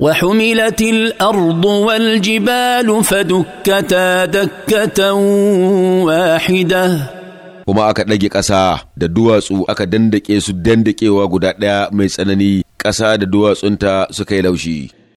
وحملت الارض والجبال فدكتا دكه واحده kuma aka ɗage ƙasa da duwatsu aka dandake su dandakewa guda ɗaya mai tsanani ƙasa da duwatsunta suka yi laushi